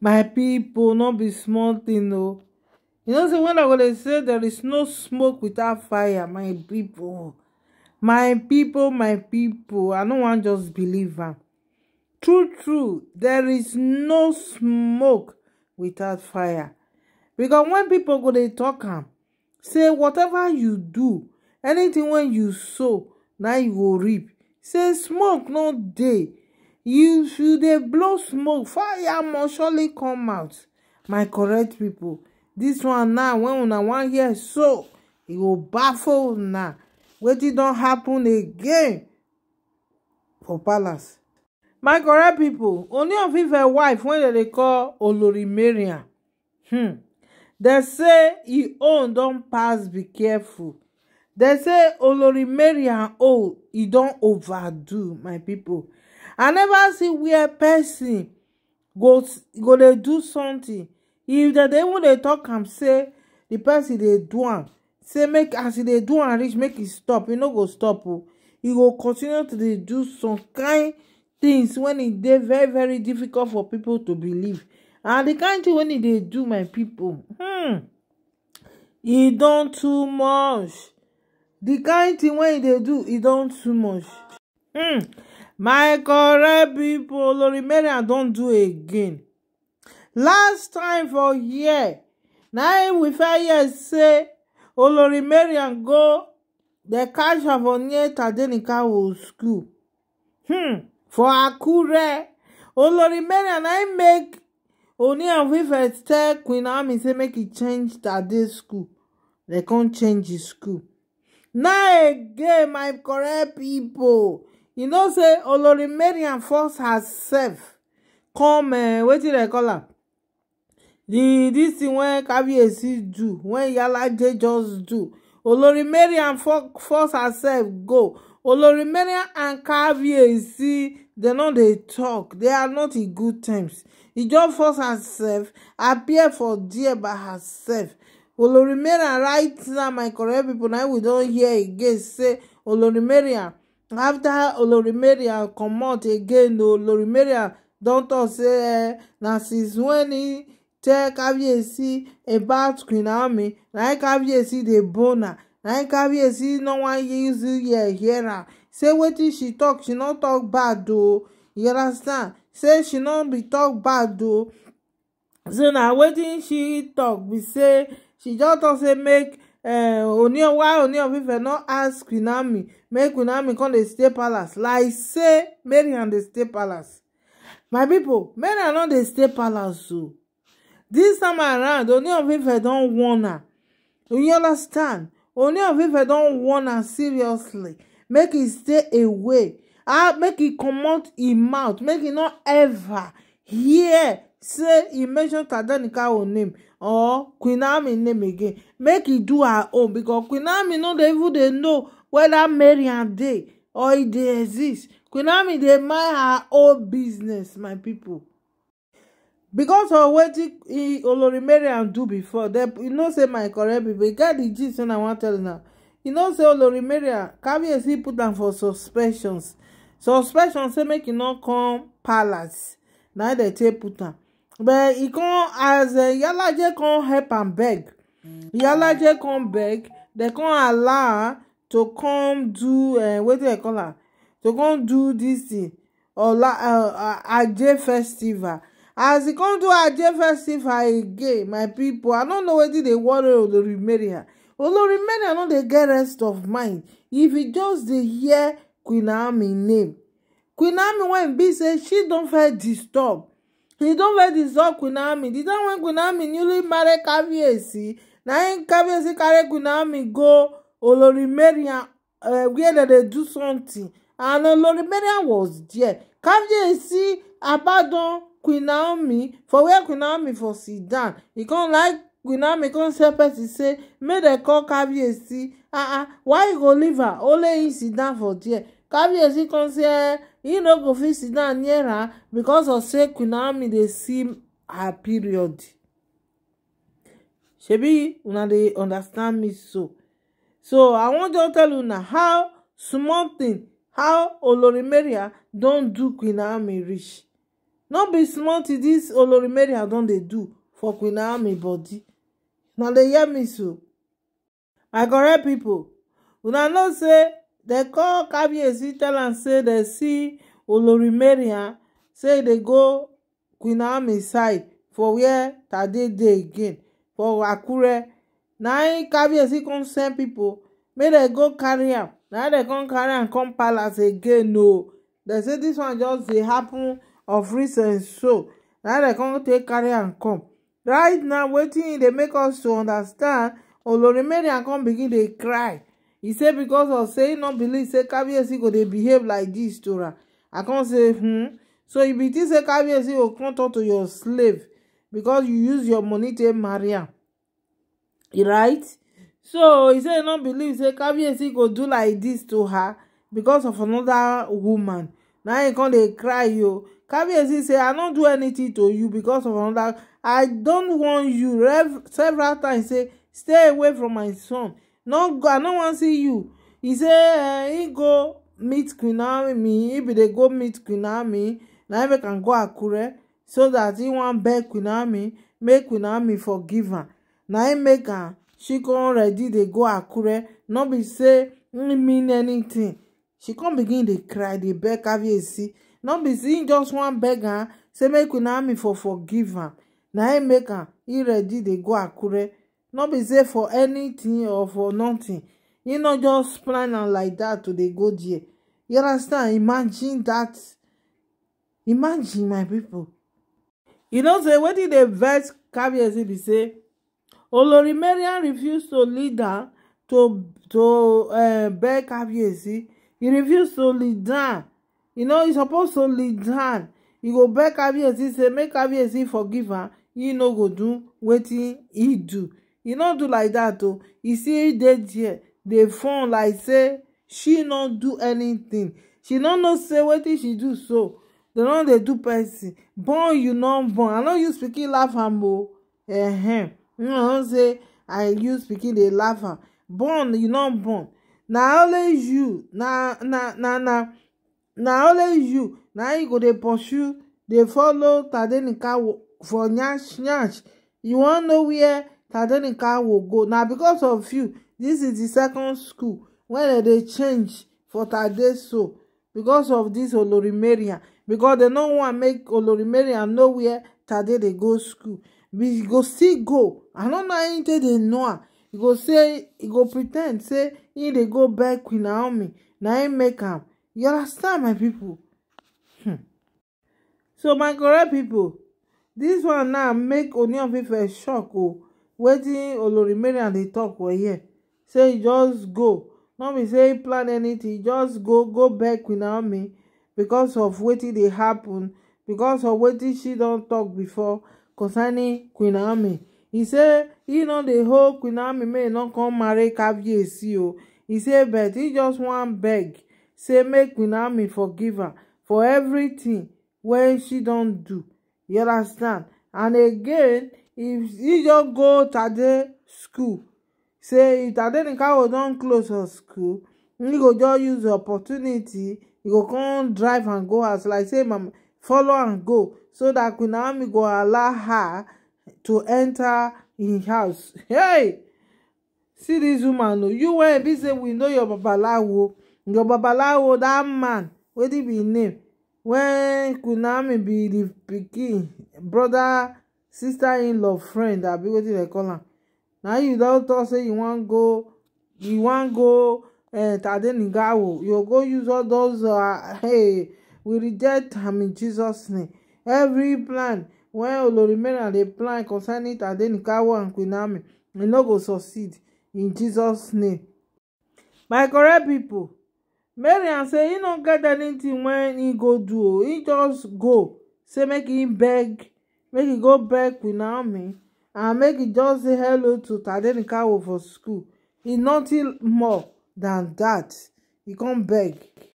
my people, not be small thing, o oh. you know say when i go dey say there is no smoke without fire my people, my people, my people. i don't want just believer. true true there is no smoke without fire because when people go dey tok say whatever you do anything when you sow now you go reap say smoke no day you should dey blow smoke fire must surely come out my correct people. This one now when una wan here, so it e will baffle now. una it don't happen again for palace my correct people, only of ife wife when they call olori mariam hmm dem say he own don pass be careful They say olori mariam Oh, he don't overdo my people i never see where person go go dey do something if dem dey even dey talk am say the person dey do am say make as e dey do am reach make e stop e no go stop o e go continue to dey do some kind things when e dey very very difficult for people to believe and the kind thing when e dey do my people hmm e don too much the kind thing when e dey do e don too much hmm my correct people, pipo olorimarian don do again last time for year na im we fit hear say olorimarian go dey catch her for near tadenikawo school hmm for akure olorimarian na im make oni of ife tell queen naomi say make e change tade school dem come change e school now again my correct people you know say olori mariam force herself come uh, eh, wetin dem call am the this thing wey kabiyesi do wey yalaje just do olori mariam force herself go olori mariam and kabiyesi dem no dey talk they are not in good terms e just force herself appear for there by herself olori mariam right now my correct people na we don hear again say olori mariam afta olori mariam comot again o olori mariam don tok say eh, na since wen e tell caviarcy about queen naomi na im caviarcy dey bone am na im caviarcy no wan use ear hear am say wetin she talk, she no talk bad o oh. you understand say she no be talk bad o oh. so na wetin she talk. be say she just tok say make Eh, onion why onion fife no ask queen ami make queen come dey stay palace like say marian dey stay palace my pipo marian no dey stay palace o oh. This time around onion fife don warn her you understand onion fife don warn her seriously make e stay away Ah, make e comot e mouth make e no ever hear say he mentioned tadenika own name or queen ami name again make e do her own because queen ami no dey even dey know weda and dey or e dey exist queen ami dey mind her own business my people, because of wetin olori and do before They you know say my correct pipo e get gist wey i want to tell you now you know say olori marian kabiyesi put down for suspensions suspension say make e not come palace Now dem take put down but he come as yalaje come help am beg yalaje come beg dem come allow to come do eh, wetin dem call am to come do dis thing ola eh, aje festival as he come do aje festival again my pipo i no know wetin dey worry olori mary her olori mary no dey get rest of mind if he just dey hear queen Ami name queen Ami wen be say she don first disturb he don vex dissolve with naomi di time wen queen naomi newly marry kabiyesi na im kabiyesi carry queen naomi go olori uh, where they dey do something and olori was there kabiyesi abandon queen naomi for where queen naomi for sit down e come like queen naomi come tell person say make dem call kabiyesi ah ah why you go leave her only im sit down for there kabiyesi come say eh e no go fit sit down near her becos of say queen naomi dey see her period shebi una dey understand me so so i wan just tell una how small thing, how olorimeria don do queen naomi reach no be small thing, this olorimeria don dey do for queen naomi body na dey hear me so my correct people. una know say dem call kabiyesi tell am say dem see olori say dey go queen naomi side for wia tade dey again for akure na im kabiyesi come send pipo make dem go carry am na dem come carry am come palace again o dem say dis one just dey happen of recent so na dem come take carry am come right now wetin e dey make us to understand olori mariam come begin dey cry He say because of say e no believe say kabiyesi go dey behave like this to am i come say hmm so you be think say kabiyesi go come talk to your slave because you use your money take marry am right so he say e no believe say kabiyesi go do like this to her because of another woman na he come dey cry o kabiyesi say i no do anything to you because of another. i don warn you several times say stay away from my son i no wan see you e say e go meet queen army e be dey go meet queen army na im make am go akure so that e wan beg queen army make queen army forgive am na im make am she come ready dey go akure no be say e mean anytin she come begin dey cry dey beg caviarcy no be say e just wan beg am say make queen army for forgive am na im make am e ready dey go akure Not be there for anything or for nothing You not just plan am like that to the go there you understand imagine that. imagine my people. you know say did the verse caviarcy be say olori mariam refused to lead her to to eh, beg caviarcy He refused to lead am you know e supposed to lead am He go beg caviarcy say make caviarcy forgive her. He no go do wetin he do e no do like that, o e still dey there dey phone like say she no do anything. she no know say wetin she do so dem no dey do person born you no born i no use pikin laugh am o oh. ehem you know say i use pikin dey laugh am born you no born na only you na na na na na only you na you go dey pursue dey follow tadenika for nyash nyash you wan know where tadenika will go now because of you This is the second school wey they change for tadeso because of dis olorimarian becos dem no wan make olorimarian know where tade they go school we go still go i don't know anything they know am go say e go pretend say he they go back queen naomi Now he make him. you understand my people? hmm so my correct people, this one now make onion pipo shock Oh wetin olori mariam dey talk for here say e just go no be say e plan anything. e just go go beg queen naomi because of wetin dey happen Because of wetin she don talk before concerning queen naomi He say he no dey hold queen naomi make e no come marry caviarcy o He say but he just wan beg say make queen naomi forgive her for everything wey she don do you understand and again if you just go tade school say if tade nkawo don close for school e go just use the opportunity e go come drive am go house like say mama follow am go so dat queen go allow her to enter im house hey see dis woman o you wey be say we know your babalawo your babalawo dat man wetin be im name wen queen be di pikin broda sister in law friend abi wetin dem call am na you don talk say you wan go you wan go uh, eh, tadenikawo you go use all those uh, hey we reject am in jesus name every plan wey olori mariam dey plan concerning tadenikawo and queen naomi e no go succeed in jesus name my correct pipo mariam say e no get anytin wey e go do o e just go say make e beg make e go beg queen naomi and make e just say hello to tadenikawo for school e nothing more than that. He can't beg